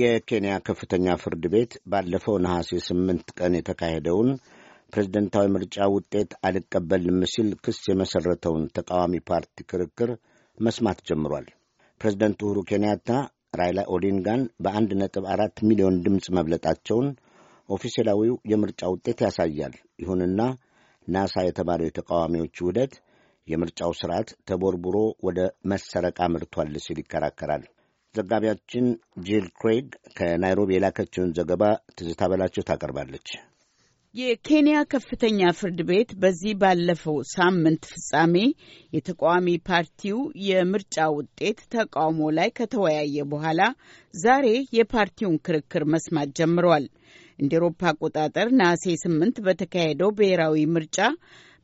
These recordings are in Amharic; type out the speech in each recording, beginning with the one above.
የኬንያ ከፍተኛ ፍርድ ቤት ባለፈው ነሐሴ ስምንት ቀን የተካሄደውን ፕሬዝደንታዊ ምርጫ ውጤት አልቀበልም ሲል ክስ የመሠረተውን ተቃዋሚ ፓርቲ ክርክር መስማት ጀምሯል። ፕሬዝደንት ኡሁሩ ኬንያታ ራይላ ኦዲንጋን በአንድ ነጥብ አራት ሚሊዮን ድምፅ መብለጣቸውን ኦፊሴላዊው የምርጫ ውጤት ያሳያል። ይሁንና ናሳ የተባለው የተቃዋሚዎች ውህደት የምርጫው ስርዓት ተቦርቡሮ ወደ መሰረቃ አምርቷል ሲል ይከራከራል። ዘጋቢያችን ጂል ክሬግ ከናይሮቢ የላከችውን ዘገባ ትዝታ በላቸው ታቀርባለች። የኬንያ ከፍተኛ ፍርድ ቤት በዚህ ባለፈው ሳምንት ፍጻሜ የተቃዋሚ ፓርቲው የምርጫ ውጤት ተቃውሞ ላይ ከተወያየ በኋላ ዛሬ የፓርቲውን ክርክር መስማት ጀምሯል። እንደ ኤሮፓ አቆጣጠር ነሐሴ 8 በተካሄደው ብሔራዊ ምርጫ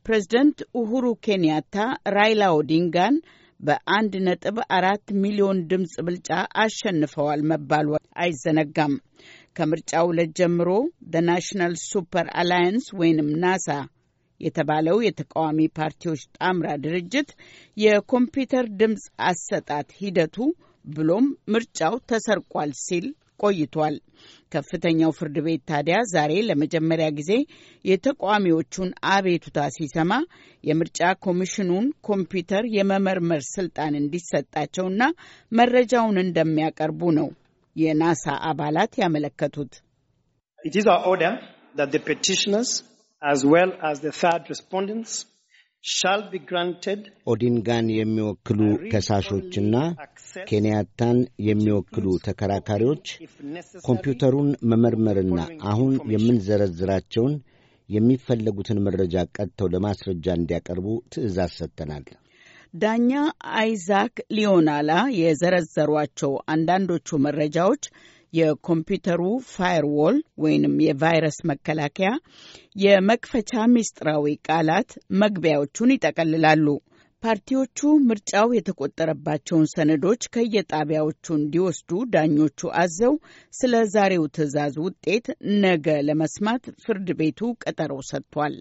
ፕሬዝደንት ኡሁሩ ኬንያታ ራይላ ኦዲንጋን በአንድ ነጥብ አራት ሚሊዮን ድምፅ ብልጫ አሸንፈዋል መባሉ አይዘነጋም። ከምርጫው ዕለት ጀምሮ ደ ናሽናል ሱፐር አላያንስ ወይንም ናሳ የተባለው የተቃዋሚ ፓርቲዎች ጣምራ ድርጅት የኮምፒውተር ድምፅ አሰጣት ሂደቱ ብሎም ምርጫው ተሰርቋል ሲል ቆይቷል። ከፍተኛው ፍርድ ቤት ታዲያ ዛሬ ለመጀመሪያ ጊዜ የተቃዋሚዎቹን አቤቱታ ሲሰማ የምርጫ ኮሚሽኑን ኮምፒውተር የመመርመር ስልጣን እንዲሰጣቸውና መረጃውን እንደሚያቀርቡ ነው የናሳ አባላት ያመለከቱት። It is our order that ኦዲንጋን የሚወክሉ ከሳሾችና ኬንያታን የሚወክሉ ተከራካሪዎች ኮምፒውተሩን መመርመርና አሁን የምንዘረዝራቸውን የሚፈለጉትን መረጃ ቀጥተው ለማስረጃ እንዲያቀርቡ ትዕዛዝ ሰጥተናል። ዳኛ አይዛክ ሊዮናላ የዘረዘሯቸው አንዳንዶቹ መረጃዎች የኮምፒውተሩ ፋይርዎል ወይንም የቫይረስ መከላከያ የመክፈቻ ሚስጥራዊ ቃላት መግቢያዎቹን ይጠቀልላሉ። ፓርቲዎቹ ምርጫው የተቆጠረባቸውን ሰነዶች ከየጣቢያዎቹ እንዲወስዱ ዳኞቹ አዘው ስለ ዛሬው ትዕዛዝ ውጤት ነገ ለመስማት ፍርድ ቤቱ ቀጠሮ ሰጥቷል።